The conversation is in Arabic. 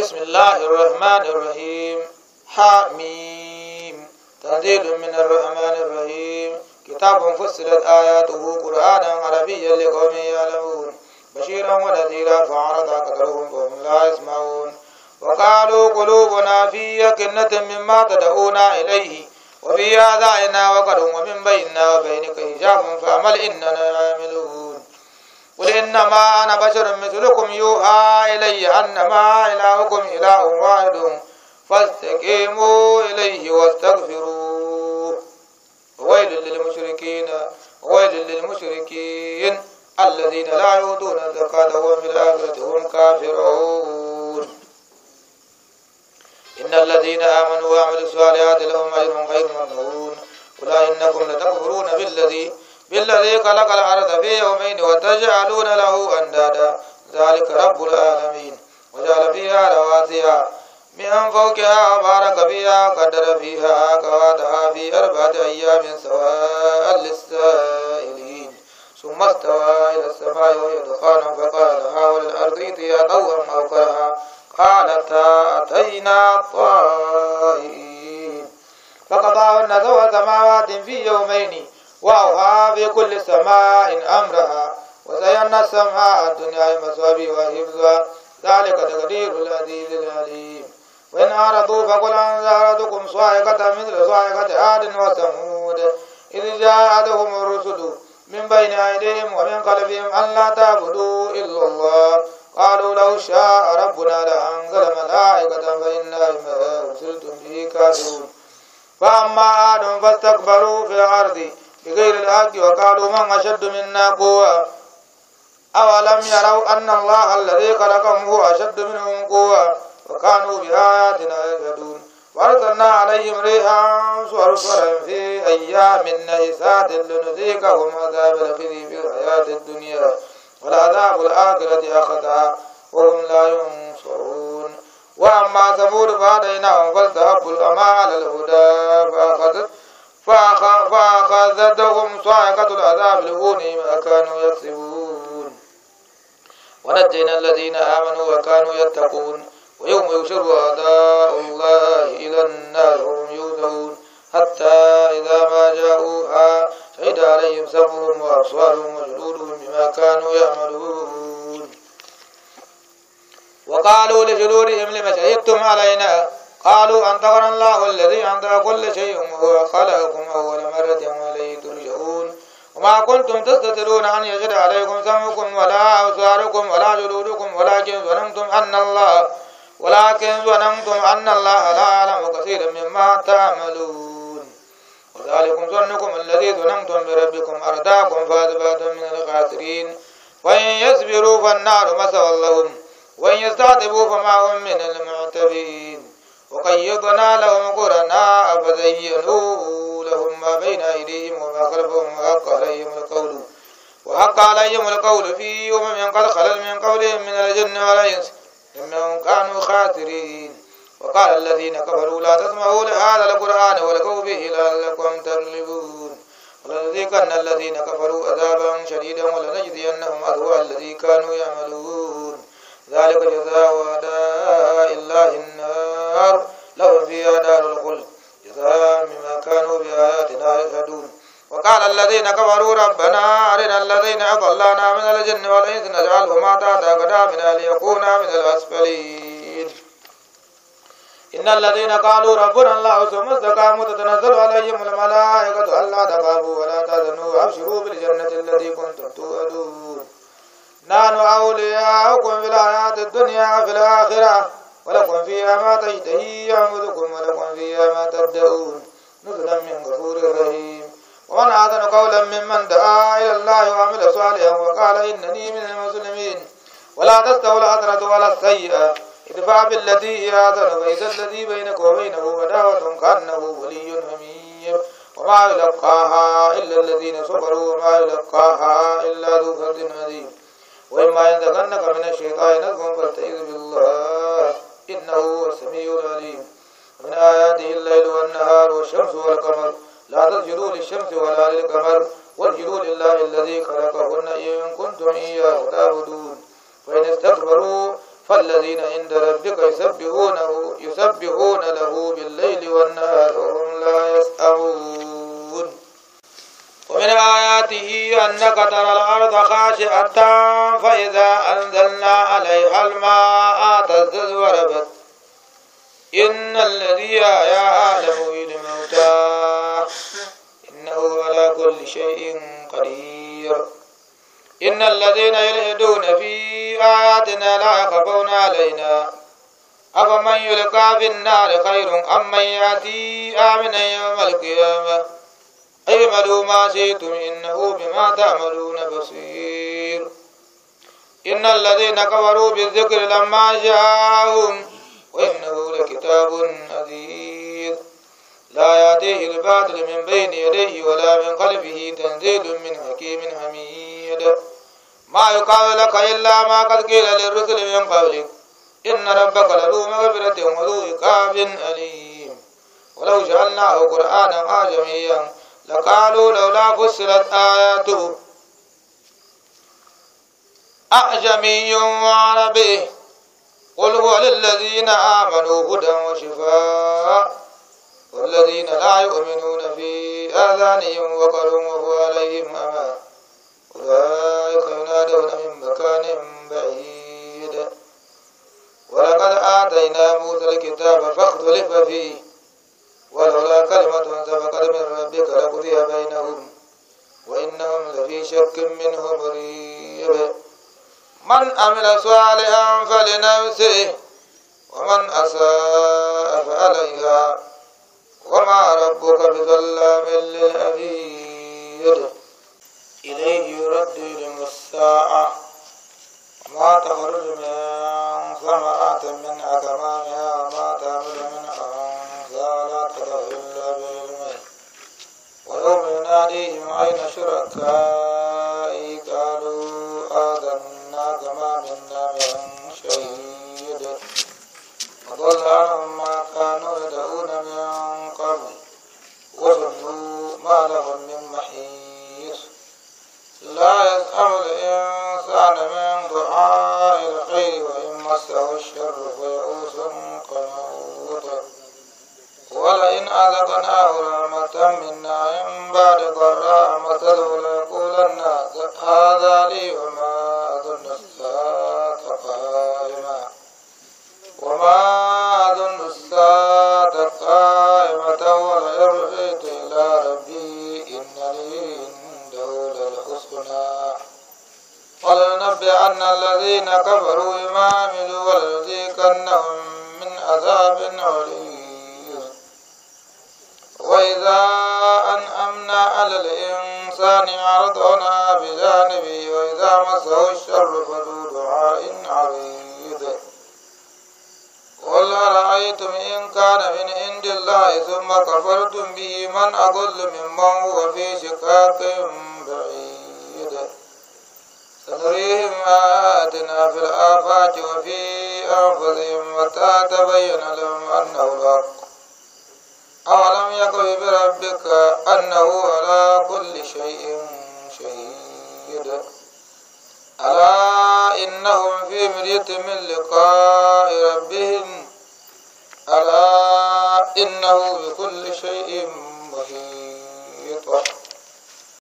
بسم الله الرحمن الرحيم حميم تنزيل من الرحمن الرحيم كتاب فصلت آياته قرآنا عربيا لقوم يعلمون بشيرا ونذيرا فعرض أكثرهم فهم لا يسمعون وقالوا قلوبنا في يقنة مما تدعونا إليه وفي آذائنا وقد ومن بيننا وبينك حجاب فعمل إننا عاملون قل إنما أنا بشر مثلكم يوحى إلي أنما إلهكم إله واحد فاستقيموا إليه واستغفروه ويل للمشركين ويل للمشركين الذين لا يؤتون الزكاة وهم في الآخرة هم كافرون إن الذين آمنوا وعملوا الصالحات لهم أجر غير ممنون قل إنكم لتكفرون بالذي بالذي خلق الأرض في يومين وتجعلون له أندادا ذلك رب العالمين وجعل فيها رواسي من فوقها وبارك فيها قدر فيها قواتها في أربعة أيام سواء للسائلين ثم استوى إلى السماء وهي دخان فقال لها وللأرض ائتيا طوعا أو كرها قالتا أتينا طائعين فقضاهن سبع سماوات في يومين واوها في كل سماء أمرها وزينا السماء الدنيا بمصابيح وحفظها ذلك تقدير العزيز العليم وإن أعرضوا فقل أنذرتكم صاعقة مثل صاعقة عاد وثمود إذ جاءتهم الرسل من بين أيديهم ومن قلبهم ان لا تعبدوا إلا الله قالوا لو شاء ربنا لأنزل ملائكة فإنا بما أرسلتم به كافرون فأما عاد فاستكبروا في الأرض بغير الحق وقالوا من أشد منا قوة أولم يروا أن الله الذي خلقهم هو أشد منهم قوة وكانوا بآياتنا يجحدون وأرسلنا عليهم ريحا صرصرا في أيام نحسات لنذيقهم عذاب الخزي في الحياة الدنيا والعذاب الآخرة أخذها وهم لا ينصرون وأما ثمود فهديناهم فالتهبوا الأمال الهدى فأخذت فأخذتهم صاعقة العذاب الهون ما كانوا يكسبون ونجينا الذين آمنوا وكانوا يتقون ويوم يشر أعداء الله إلى النار هم يوزعون حتى إذا ما جاءوها شهد عليهم سمهم وأبصارهم وجلودهم بما كانوا يعملون وقالوا لجلودهم لم شهدتم علينا قالوا أنطقنا الله الذي أنطق كل شيء وهو خلقكم أول مرة وإليه ترجعون وما كنتم تستترون أن يجري عليكم سمكم ولا أبصاركم ولا جلودكم ولكن ظننتم أن الله ولكن ظننتم أن الله لا يعلم كثيرا مما تعملون وذلكم ظنكم الذي ظننتم بربكم أرداكم فأثبتم من الخاسرين وإن يصبروا فالنار مثوى لهم وإن يستعتبوا فما هم من المعتبين وقيضنا لهم قرناء فزينوا لهم ما بين أيديهم وما خلفهم وحق عليهم القول وحق عليهم القول في أمم قد خلل من قولهم من الجن والإنس إنهم كانوا خاسرين وقال الذين كفروا لا تسمعوا لهذا القرآن ولقوا به لعلكم تغلبون ولنذيقن الذين كفروا عذابا شديدا ولنجزينهم أسوأ الذي كانوا يعملون ذلك جزاء أداء الله النار لو فيها دار الخلد جزاء مما كانوا بآياتنا يشهدون وقال الذين كفروا ربنا أرنا الذين أضلنا من الجن والإنس نجعلهما تحت أقدامنا ليكونا من الأسفلين إن الذين قالوا ربنا الله ثم استقاموا تتنزل عليهم الملائكة ألا تخافوا ولا تذنوا أبشروا بالجنة التي كنتم توعدون نحن أولياؤكم في الحياة الدنيا وفي الآخرة ولكم فيها ما تشتهي أنفسكم ولكم فيها ما تدعون نزلا من غفور رحيم ومن أحسن قولا ممن دعا إلى الله وعمل صالحا وقال إنني من المسلمين ولا تستوي الحسنة ولا السيئة ادفع بالذي هي أحسن فإذا الذي بينك وبينه عداوة كأنه ولي حميم وما يلقاها إلا الذين صبروا وما يلقاها إلا ذو فرد عظيم وإما ينزغنك من الشيطان نزغ فاستعذ بالله إنه هو السميع العليم من آياته الليل والنهار والشمس والقمر لا تسجدوا للشمس ولا للقمر واسجدوا لله الذي خلقهن إن كنتم إياه تعبدون فإن استكبروا فالذين عند ربك يسبحونه يسبحون له بالليل والنهار وهم لا يسأمون ومن آياته أنك ترى الأرض خاشعة فإذا أنزلنا عليها الماء تزدد وربت إن الذي إلى الموتى إنه على كل شيء قدير إن الذين يلحدون في آياتنا لا يخفون علينا أفمن يلقى في النار خير أم من يأتي آمنا يوم القيامة اعملوا ما شئتم إنه بما تعملون بصير إن الذين كفروا بالذكر لما جاءهم وإنه لكتاب نذير لا يأتيه الباطل من بين يديه ولا من خلفه تنزيل من حكيم حميد ما يقال لك إلا ما قد قيل للرسل من قبلك إن ربك لذو مغفرة وذو عقاب أليم ولو جعلناه قرآنا أعجميا لقالوا لولا فصلت آياته أعجمي وعربي قل هو للذين آمنوا هدى وشفاء والذين لا يؤمنون في آذانهم وقر وهو عليهم أما أولئك ينادون من مكان بعيد ولقد آتينا موسى الكتاب فاختلف فيه ولولا كلمة سبقت من ربك لقضي بينهم وإنهم لفي شك منه مريب من عمل صالحا فلنفسه ومن أساء فعليها وما ربك بظلام للعبيد إليه يرد علم الساعة ما تخرج من ثمرات من أكمامها عليهم أين شركائي قالوا آذناك ما منا من شهيد وضل عنهم ما كانوا يدعون من قبل وظنوا ما لهم من محيص لا يسأم الإنسان من دعاء الخير وإن مسه الشر فيئوس قنوط ولئن أذقناه رحمة منا من بعد ضراء مثله ليقولن هذا لي وما أظن الساعة قائمة وما أظن الساعة قائمة ولئن رجعت إلى ربي إن لي عنده للحسنى ولنبئن الذين كفروا على الإنسان عرضنا بجانبه وإذا مسه الشر فذو دعاء عريض قل أرأيتم إن كان من عند الله ثم كفرتم به من أضل ممن هو في شقاق بعيد سنريهم آياتنا في الآفاق وفي أنفسهم متى تبين لهم أنه الحق أولم يكن بربك أنه على كل شيء شهيد ألا إنهم في مرية من لقاء ربهم ألا إنه بكل شيء محيط